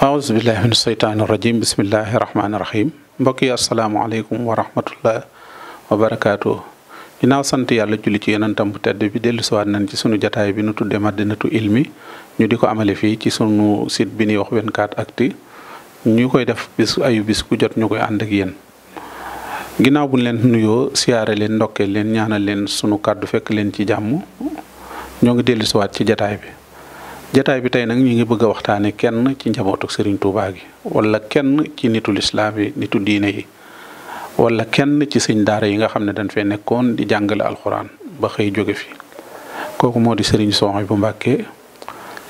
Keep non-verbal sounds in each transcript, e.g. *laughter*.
aousubillahi min asheytaani mbokk yi asalaamaaleykum wa rahmatullah wa barakaatu ginnaaw sant yàlla julli ci yonentam bu tedd bi dellu siwaat nañ ci sunu jataay bi nu tuddee madinatu ilmi ñu di ko amale fii ci sunu site bi ñuy wax 24actu ñu koy def bis ayu bis ku jot ñu koy ànd ak ginnaaw bu leen nuyoo siyaare leen ndokkee leen ñaanal leen sunu kàddu fekk leen ci jàmm ñoo ngi dellusiwaat ci jataay bi jataay bi tey nag ñu ngi bëgg a waxtaane kenn ci njabootu Serigne Touba gi wala kenn ci nitu lislaam yi nitu diine yi wala kenn ci sëñ daara yi nga xam ne dañ fee nekkoon di jàngale alxuraan ba xëy jóge fi kooku moo di Serigne Souhaïbou Mbacké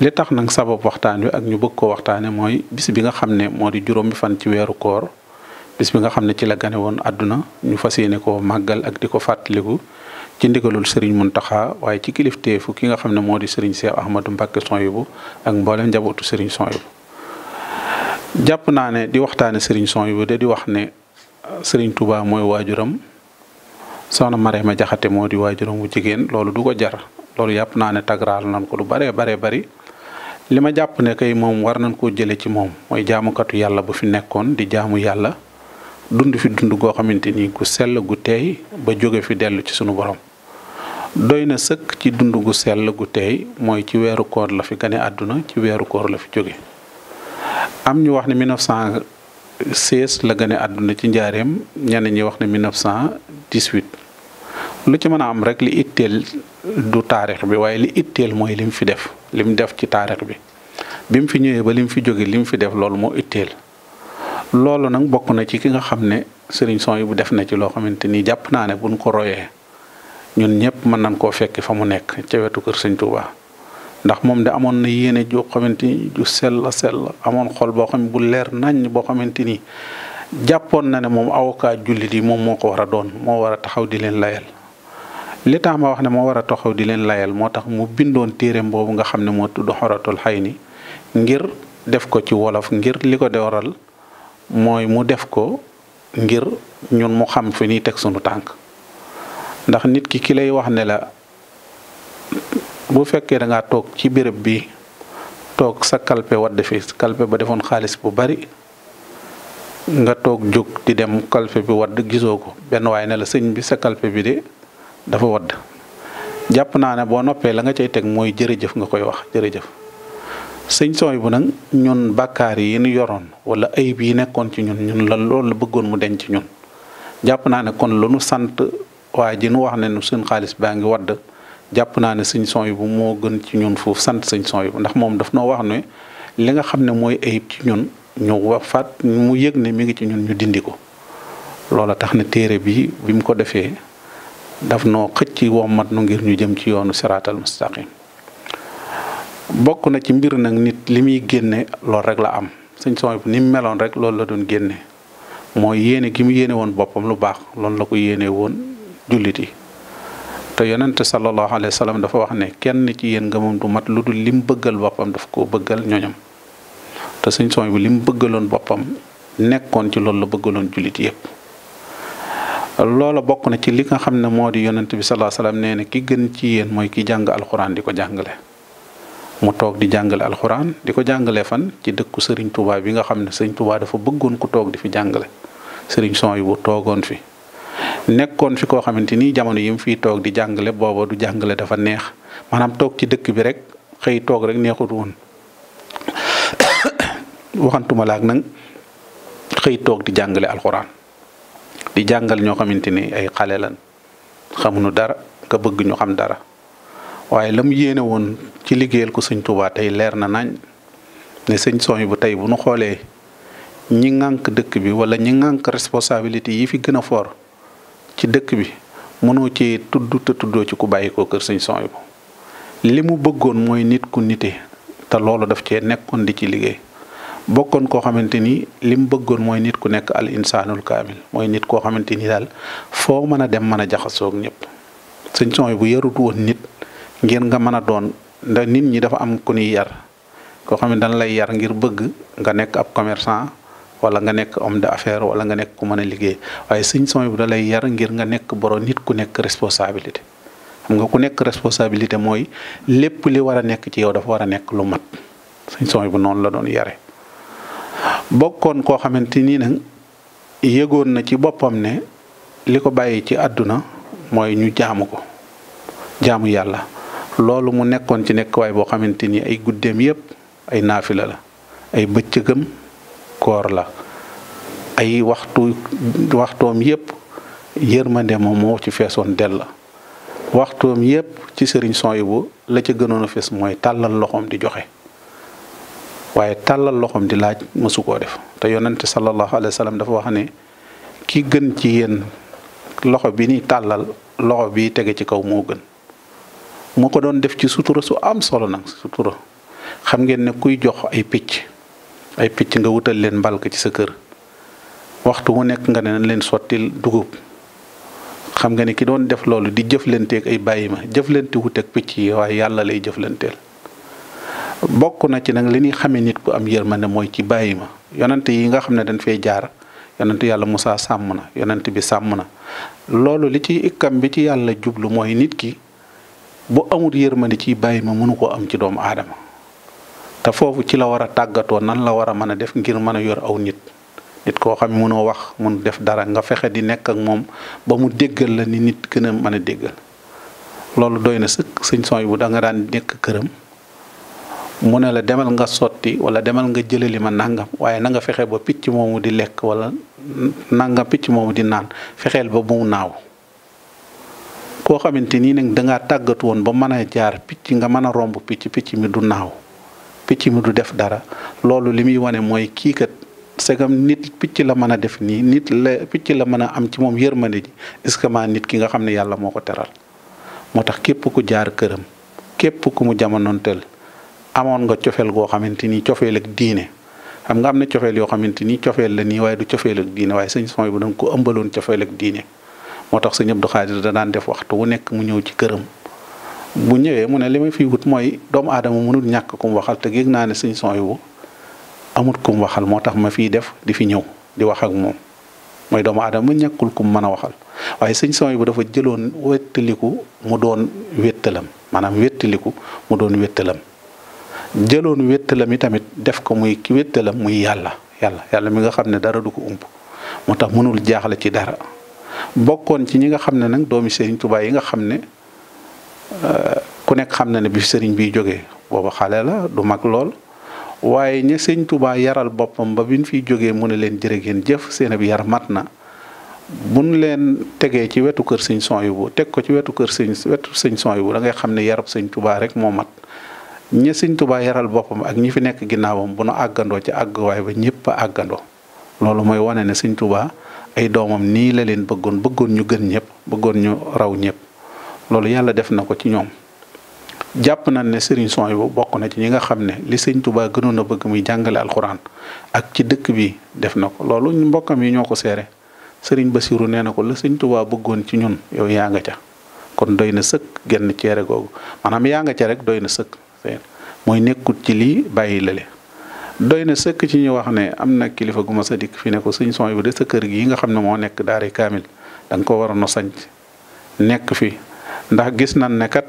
li tax nag sabab waxtaan wi ak ñu bëgg ko waxtaane mooy bis bi nga xam ne moo di juróomi fan ci weeru koor bis bi nga xam ne ci la gane woon àdduna ñu fas yéene koo màggal ak di ko fàttaliku ci ndigalul sëriñ mun Muntaxa waaye ci kilifteefu ki nga xam ne moo di sëriñ Cheikh Ahmadou Mbacké Sonhibou ak mboolem njabootu sëriñ Sonhibou jàpp naa ne di waxtaane sëriñ Sonhibou de di wax ne sëriñ Touba mooy waajuram maree ma Jaxate moo di waajuram wu jigéen loolu du ko jar loolu yàpp naa ne tagraal nan ko lu baree baree bari li ma jàpp ne kay moom war nañ koo jëlee ci moom mooy jaamukatu yàlla bu fi nekkoon di jaamu yàlla dund fi dund goo xamante ni gu sell gu teey ba jóge fi dellu ci sunu borom doy na sëkk ci dund gu sell gu teey mooy ci weeru koor la fi gane àdduna ci weeru koor la fi jóge am ñu wax ne 1916 la gane àdduna ci njaareem ñenn ñi wax ne 1918 lu ci mën a am rek li itteel du taarix bi waaye li itteel mooy lim fi def lim def ci taarix bi bi mu fi ñëwee ba lim fi jóge lim fi def loolu moo itteel loolu nag bokk na ci ki nga xam ne sëriñ son yi bu def na ci loo xamante ni jàpp naa ne buñ ko royee ñun ñëpp mën nañ koo fekki fa mu nekk ca wetu kër sëñ Touba ndax moom de amoon na yéene ju xamante ni ju sell sell amoon xol boo xam ne bu leer nañ boo xamante ni jàppoon na ne moom avocat jullit yi moom moo ko war a doon moo war a taxaw di leen layal li tax ma wax ne moo war a taxaw di leen layal moo tax mu bindoon téereem mboobu nga xam ne moo tudd xoratul xay ni ngir def ko ci wolof ngir li ko de mooy mu def ko ngir ñun mu xam fi ñuy teg sunu tànk ndax nit ki ki lay wax ne la bu fekkee da toog ci béréb bi toog sa kalpe wadd fi kalpe ba defoon xaalis bu bari nga toog jóg di dem kalpe bi wadd gisoo ko benn waaye ne la sëñ bi sa kalpe bi de dafa wadd jàpp naa ne boo noppee la nga cay teg mooy jërëjëf nga koy wax jërëjëf sëñ sooy bu nag ñun bakkaar yi ñu yoroon wala ayib yi nekkoon ci ñun ñun la loolu la bëggoon mu ci ñun jàpp naa ne kon lu nu sant waa ji nu wax ne nu suñ xaalis baa ngi wadd jàpp naa ne sëñ sooy bu moo gën ci ñun foofu sant sëñ sooy bu ndax moom daf noo wax ne li nga xam ne mooy ayib ci ñun ñu wafaat mu yëg ne mi ngi ci ñun ñu dindi ko loola tax ne téere bi bi mu ko defee daf noo xëcc wommat nu ngir ñu jëm ci yoonu siraatal mustaqim bokk na ci mbir nag nit li muy génne loolu rek la am sëñ son bi ni mu meloon rek loolu la doon génne moo yéene gi mu yéene woon boppam lu baax loolu la ko yéene woon jullit yi te yonent sallallahu alayhi wa sallam dafa wax ne kenn ci yéen ngëmam du mat lu dul lim bëggal boppam daf ko bëggal ñoñam te sëñ son bi lim bëggaloon boppam nekkoon ci loolu la bëggaloon jullit yépp loola bokk na ci li nga xam ne moo di yonent bi sallallahu alayhi wa sallam nee na ki gën ci yéen mooy ki jàng alxuraan di ko jàngale mu toog di jàngale alxuraan di ko jàngalee fan ci dëkku Serigne Touba bi nga xam ne Serigne Touba dafa bëggoon ku toog di fi jàngale Serigne son yi bu toogoon fi nekkoon fi koo xamante ni jamono yi fi toog di jàngale booba du jàngale dafa neex maanaam toog ci dëkk bi rek xëy toog rek neexut woon *coughs* waxantuma laak nag xëy toog di jàngale alxuraan di jàngal ñoo xamante ni ay xale lan xamuñu dara ka bëgg ñu xam dara. waaye lam yéene woon ci liggéeyal ko sëñ Touba tey leer na nañ ne sëñ sooñ bu tey bu nu xoolee ñi ŋànk dëkk bi wala ñi ŋànk responsabilité yi fi gën a for ci dëkk bi mënoo ci tudd te tuddoo ci ku bàyyi ko kër sëñ sooñ bu li mu bëggoon mooy nit ku nite te loolu daf cee nekkoon di ci liggéey bokkoon koo xamante ni li mu bëggoon mooy nit ku nekk al insaanul kaamil mooy nit koo xamante ni daal foo mën a dem mën a jaxasoog ñëpp sëñ sooñ bu yarut woon nit ngir nga mën a doon ndax nit ñi dafa am ku yar koo xam ne dañ lay yar ngir bëgg nga nekk ab commerçant wala nga nekk homme affaire wala nga nekk ku mën a liggéey waaye sëñ son bi da lay yar ngir nga nekk boro nit ku nekk responsabilité xam nga ku nekk responsabilité mooy lépp li war a nekk ci yow dafa war a nekk lu mat sëñ son bu noonu la doon yare bokkoon koo xamante nii nag yëgoon na ci boppam ne li ko bàyyi ci àdduna mooy ñu jaamu ko jaamu yàlla loolu mu nekkoon ci nekkuwaay boo xamante ni ay guddeem yépp ay naafila la ay bëccëgam koor la ay waxtu waxtoom yépp yërmande moom moo ci feesoon dell la waxtoom yépp ci sëriñ Souhaïbou la ca gënoon fees mooy tàllal loxoom di joxe waaye tàllal loxoom di laaj mësu koo def te yonante sallallahu alayhi wa sallam dafa wax ne ki gën ci yéen loxo bi ni tàllal loxo bi tege ci kaw moo gën mu ko doon def ci sutura su am solo nag sutura xam ngeen ne kuy jox ay picc ay picc nga wutal leen mbalka ci sa kër waxtu wu nekk nga ne nañ leen sottil dugub xam nga ne ki doon def loolu di jëflanteeg ay bàyyi ma jëflante wut ak picc yi waaye yàlla lay jëflanteel bokk na ci nag li ñuy xame nit ku am ma ne mooy ci bàyyi ma yonent yi nga xam ne dañ fee jaar yonent yàlla Musaa sàmm na yonent bi sàmm na loolu li ci ikkam bi ci yàlla jublu mooy nit ki bu amul yërmande ci bàyyi ma mënu koo am ci doomu aadama te foofu ci la war a tàggatoo nan la war a mën a def ngir mën a yor aw nit nit koo xam ne mënoo wax mun def dara nga fexe di nekk ak moom ba mu déggal la ni nit gën a mën a déggal loolu doy na sëkk sëñ sooy bu danga daan nekk këram mu ne la demal nga sotti wala demal nga jëlali ma nangam waaye na nga fexe ba picc moomu di lekk wala nangam picc moomu di naan fexeel ba bu naaw koo xamante nii nag dangaa tàggat woon ba mën a jaar picc nga mën a romb picc picc mi du naaw picc mi du def dara loolu li muy wane mooy kii kat segam nit picc la mën a def nii nit la picc la mën a am ci moom yërmande ji est-ce que maa nit ki nga xam ne yàlla moo ko teral moo tax képp ku jaar këram képp ku mu jamonoonteel amoon nga cofeel goo xamante ni cofeel ak diine xam nga am na cofeel yoo xamante ni cofeel la nii waaye du cofeel ak diine waaye sëñ son bu doon ko ëmbaloon cofeel ak diine moo tax sëñ Abdou Khadir daan def waxtu wu nekk mu ñëw ci këram bu ñëwee mu ne li ma fiy wut mooy doomu aadama mënul ñàkk kum waxal te yëg naa ne sëñ son yu amut kum waxal moo tax ma fi def di fi ñëw di wax ak moom mooy doomu aadama ñàkkul kum mën a waxal waaye sëñ son yu dafa jëloon wettaliku mu doon wettalam maanaam wettaliku mu doon wettalam jëloon wettalam yi tamit def ko muy ki wettalam muy yàlla yàlla yàlla mi nga xam ne dara du ko ump moo tax mënul jaaxle ci dara bokkoon ci ñi nga xam ne nag doomi Serigne Touba yi nga xam ne ku nekk xam na ne bi sëriñ biy jógee booba xale la du mag lool waaye ña sëñ Touba yaral boppam ba bi fi jógee mu ne leen jërë ngeen jëf seen bi yar mat na. buñ leen tegee ci wetu kër sëñ son yu bu teg ko ci wetu kër sëñ wetu sëñ yu bu da ngay xam ne yarab sëñ tubaa rek moo mat ña sëñ tubaa yaral boppam ak ñi fi nekk ginnaawam bu nu àggandoo ci àgguwaay ba ñëpp àggandoo loolu mooy wane ne sëñ ay doomam nii la leen bëggoon bëggoon ñu gën ñëpp bëggoon ñu raw ñëpp loolu yàlla def na ko ci ñoom jàpp nañ ne Serigne Son bu bokk na ci ñi nga xam ne li Sëñ tubaa gënoon na bëgg muy jàngale alxuraan ak ci dëkk bi def na ko loolu mbokkam yi ñoo ko seere Serigne Bassirou nee na ko la Sëñ tubaa bëggoon ci ñun yow yaa nga ca kon doy na sëkk genn ceere googu maanaam yaa nga ca rek doy na sëkk mooy nekkut ci lii bàyyi lale doy na sëkk ci ñu wax ne am na kilifa gu ma sa dikk fi ne ko sëñ son bi de sa kër gi nga xam ne moo nekk daari kaamil da nga ko waroon a sañ nekk fi ndax gis nan ne kat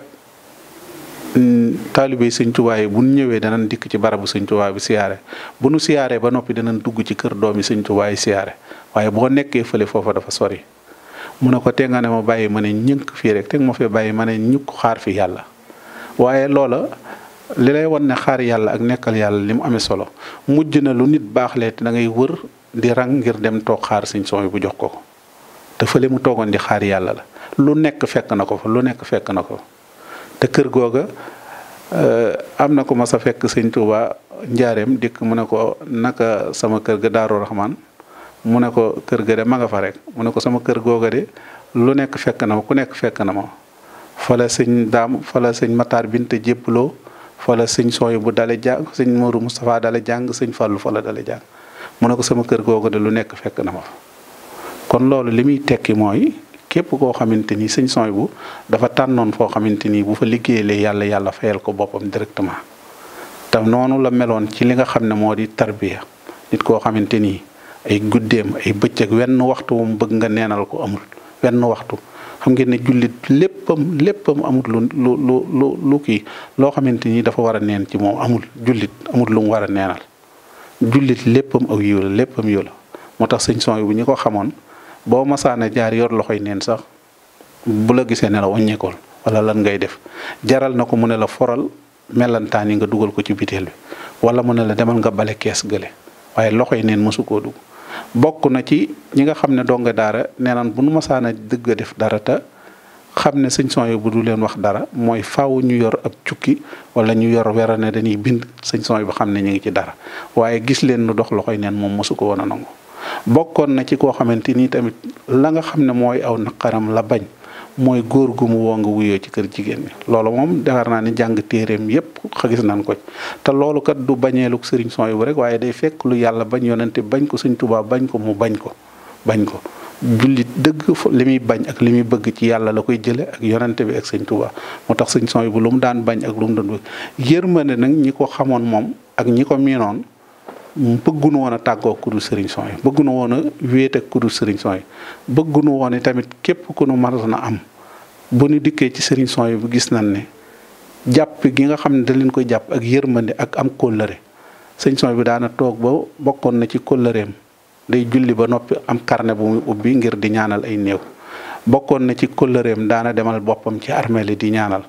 mm, taalibe sëñ Tuubaa bu ñëwee danañ dikk ci barabu sëñ Tuubaa bi bu nu siyaaree ba noppi danañ dugg ci kër doomi sëñ Tuubaa yi siyaare waaye boo nekkee fële foofa dafa sori mu ne ko te nga ne ma bàyyi ma ne ñënk fii rek te nga ma fee bàyyi ma ne ñukk xaar fi yàlla waaye loola li lay won ne xaar yàlla ak nekkal yàlla li mu amee solo mujj na lu nit baaxlee te da ngay wër di rang ngir dem toog xaar sëñ Sohibu bu jox ko ko te fële mu toogoon di xaar yàlla la lu nekk fekk na ko fa lu nekk fekk na ko te kër googa euh, am na ko mas fekk sëñ Touba njaareem dikk mu ne ko naka sama kër ga Daaru Raxmaan mu ne ko kër ga ma nga fa mu ne ko sama kër googa de nekk fekk na ma ku nekk fekk na ma fala sëñ daam fala sëñ Matar fa la sëñ sooy bu dale jàng sëñ Mourou Moustapha dale jàng sëñ Fallou fa la dale jàng mu ne ko sama kër googu de lu nekk fekk na ma fa kon loolu li muy tekki mooy képp koo xamante ni sëñ sooy bu dafa tànnoon foo xamante ni bu fa liggéeyalee yàlla yàlla fayal ko boppam directement te noonu la meloon ci li nga xam ne moo di tarbiya nit koo xamante ni ay guddeem ay bëccëg wenn waxtu mu bëgg nga neenal ko amul wenn waxtu. xam ngeen ne jullit léppam léppam amut lu lu lu lu lu kii loo xamante ni dafa war a neen ci moom amul jullit amut lu mu war a neenal jullit léppam ak yiw la léppam yiw la moo tax sëñ son bu ñu ko xamoon boo masaane jaar yor loxoy neen sax bu la gisee ne la wàññeekool wala lan ngay def jaral na ko mu ne la foral melantaan yi nga dugal ko ci biteel bi wala mu ne la demal nga bale kees gële waaye loxoy neen mësu koo dugg bokk na ci ñi nga xam ne donga daara nee naan bu nu masaana dëgg a def dara te xam ne sëñ son yi bu du leen wax dara mooy faaw ñu yor ab cukki wala ñu yor wera ne dañuy bind sëñ son yi xam ne ñu ngi ci dara waaye gis leen nu dox loxoy neen moom mosu ko woon a nangu bokkoon na ci koo xamante ni tamit la nga xam ne mooy aw naqaram la bañ mooy góor gu mu woo nga wuyoo ci kër jigéen ñi loolu moom defar naa ni jàng téeréem yépp xa gis nañ ko te loolu kat du bañee lu sëriñ son bu rek waaye day fekk lu yàlla bañ yonente bañ ko sëñ Tuubaa bañ ko mu bañ ko bañ ko jullit dëgg li muy bañ ak li muy bëgg ci yàlla la koy jële ak yonente bi ak sëñ Tuubaa moo tax sëñ son bu lu mu daan bañ ak lu mu doon bëgg yërmande nag ñi ko xamoon moom ak ñi ko miinoon bëggunu woon a tàggoo kudu sëriñ son yi bëggunu woon a wéet ak sëriñ son yi bëggunu woon i tamit képp ku nu mënoon a am bu nu dikkee ci sëriñ son bu gis nañ ne jàpp gi nga xam ne da koy jàpp ak yërmande ak am kollëre sëriñ son bi daana toog ba bokkoon na ci kóllëreem day julli ba noppi am karne bu muy ubbi ngir di ñaanal ay néew bokkoon na ci kóllëreem daana demal boppam ci armée li di ñaanal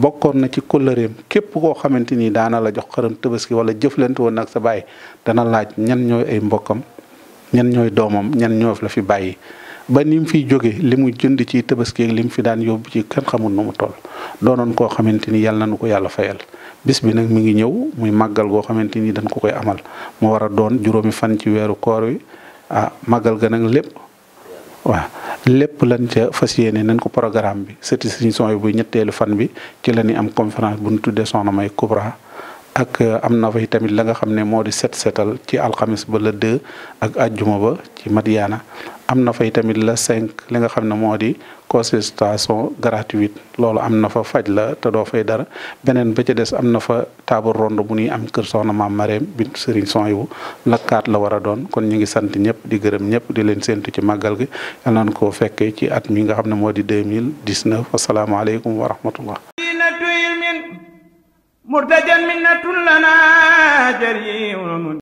bokkoon na ci kóllëreem képp koo xamante ni daana jox xaram tabaski wala jëflante woon nag sa bàyyi dana laaj ñan ñooy ay mbokkam ñan ñooy doomam ñan ñoo la fi bàyyi ba ni mu fiy jóge li mu jënd ci tabaski ak li mu fi daan yóbbu ci kenn xamul na mu toll doonoon koo xamante ni yàlla nañu ko yàlla fayal bis bi nag mi ngi ñëw muy màggal goo xamante ni dañ ko koy amal mu war a doon juróomi fan ci weeru koor wi ah, màggal ga nag lépp waaw lépp lan ca fas yéene nañ ko programme bi sëti Sëriñ Sooy bu ñetteelu fan bi ci la ñuy am conférence bu ñu tuddee Soxna May Kubra ak euh, am na fay tamit la nga xam ne moo di set setal ci alxamis ba la 2 ak ajjuma ba ci Madiana am na yi tamit la cinq li nga xam ne moo di consultation gratuite loolu am na fa faj la te doo fay dara beneen ba ca des am na fa table ronde bu ñuy am kër soxna maam Mareem bi Serigne Sonhibou la la war a doon kon ñu ngi sant ñëpp di gërëm ñëpp di leen séntu ci màggal gi yal nañu koo fekkee ci at mi nga xam ne moo di mille 2019 asalaamaaleykum wa rahmatullah murtajan minnatun lana jariun